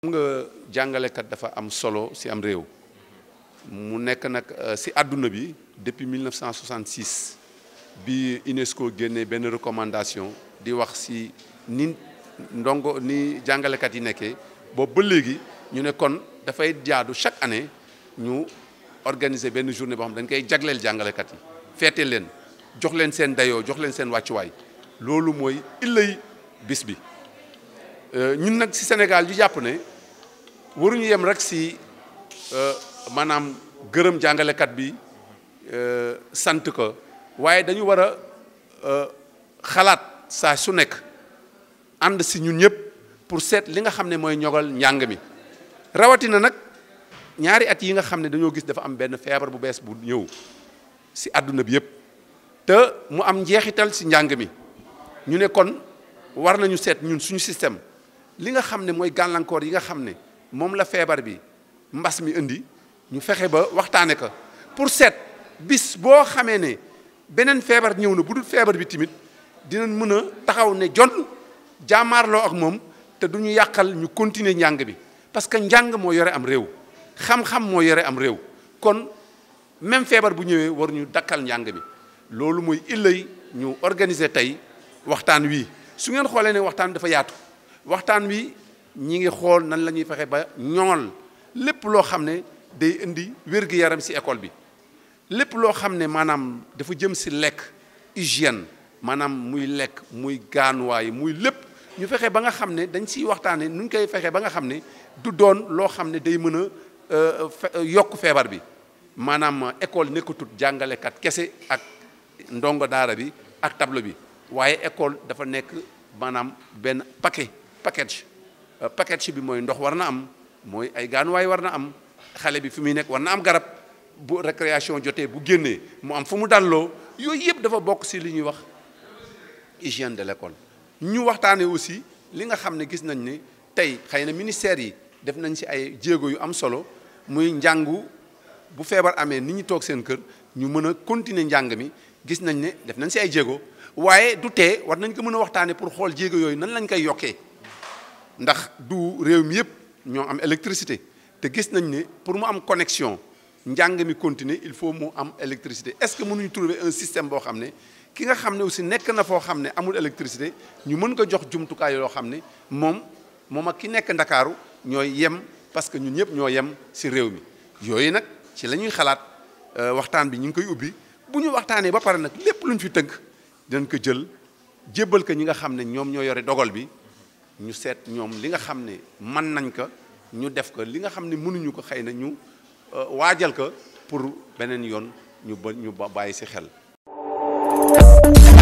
xam nga jàngalekat dafa am solo ci am réew mu nekk nag euh, ci àdduna bi depuis 1966 bi UNESCO génnee benn recommandation di wax ci ni ndongo ni jàngalekat yi nekkee boobu ba léegi ñu ne kon dafay jaadu chaque année ñu organiser benn journée boo xam dañ koy jagleel jàngalekat yi feete leen jox leen seen dayoo jox leen seen wàccuwaay loolu mooy illay bis bi Euh, ñun nag si Sénégal yu jàpp ne waruñu yem rek si euh, maanaam gërëm jàngalekat bi euh, sant ko waaye dañu war a xalaat saa su nekk ànd si ñun ñëpp pour seet li nga xam ne mooy ñogal njàng mi rawatina nag ñaari at yi nga xam ne dañoo gis dafa am benn feebar bu bees bu ñëw si àdduna bi yëpp te mu am njeexital si njàng mi ñu ne kon war nañu seet ñun suñu système li nga xam ne mooy gàllankoor yi nga xam ne moom la feebar bi mbas mi indi ñu fexe ba waxtaane ko pour seet bis boo xamee ne beneen feebar ñëw na bu dul feebar bi tamit dinañ mën a taxaw ne jon jàmmaarloo ak moom te du ñu yàqal ñu continuer njàng bi parce que njàng moo yore am réew xam-xam moo yore am réew kon même feebar bu ñëwee war ñu dakkal njàng bi loolu mooy illay ñu organiser tey waxtaan wii su ngeen xoolee ne waxtaan dafa yaatu waxtaan wi ñi ngi xool nan la ñuy fexe ba ñoŋal lépp loo xam ne day indi wér-gi-yaram ci école bi lépp loo xam ne maanaam dafa jëm si lekk hygiène maanaam muy lekk muy gaanuwaay muy lépp ñu fexe ba nga xam ne dañ si waxtaanee nu ñu koy fexe ba nga xam ne du doon loo xam ne day mën a euh, euh, yokk feebar bi maanaam euh, école nekkatut jàngalekat kese ak ndongo daara bi ak tableau bi waaye école dafa nekk maanaam benn paquet package euh, package bi mooy ndox war na am mooy ay gaanuwaay war na am xale bi fi muy nekk war na am garab bu récréation jotee bu génnee mu am fu mu dalloo yooyu yëpp dafa bokk si li ñuy wax hygiène de l'école ñu waxtaanee aussi li nga xam ne gis nañ ni tey xëy na ministère yi def nañ si ay jéego yu am solo muy njàngu bu feebar amee nit ñi toog seen kër ñu mën a continuer njàng mi gis nañ ne def nañ ci ay jéego waaye du tee war nañ ko mën a waxtaanee pour xool jéego yooyu nan lañ koy yokkee. ndax du réew mi yëpp ñoo am électricité te gis nañ ne pour mu am connexion njàng mi continuer il faut mu am électricité est-ce que mënuñu trouver un système boo xam ne ki nga xam ne aussi nekk na foo xam ne amul électricité ñu mën ko jox jumtukaay loo xam ne moom moom ak ki nekk ndakaaru ñooy yem parce que ñun ñëpp ñoo yem si réew mi yooyu nag ci la ñuy xalaat euh, waxtaan bi ñu ngi koy ubbi bu ñu waxtaanee ba pare nag lépp luñ fi tënk dinañ ko jël jébbal ko ñi nga xam ne ñoom ñoo yore dogal bi ñu seet ñoom li nga xam ne man nañ ko ñu def ko li nga xam ne mënuñu ko xëy na ñu euh, waajal ko pour beneen yoon ñu ba ñu bàyyi si xel. thank you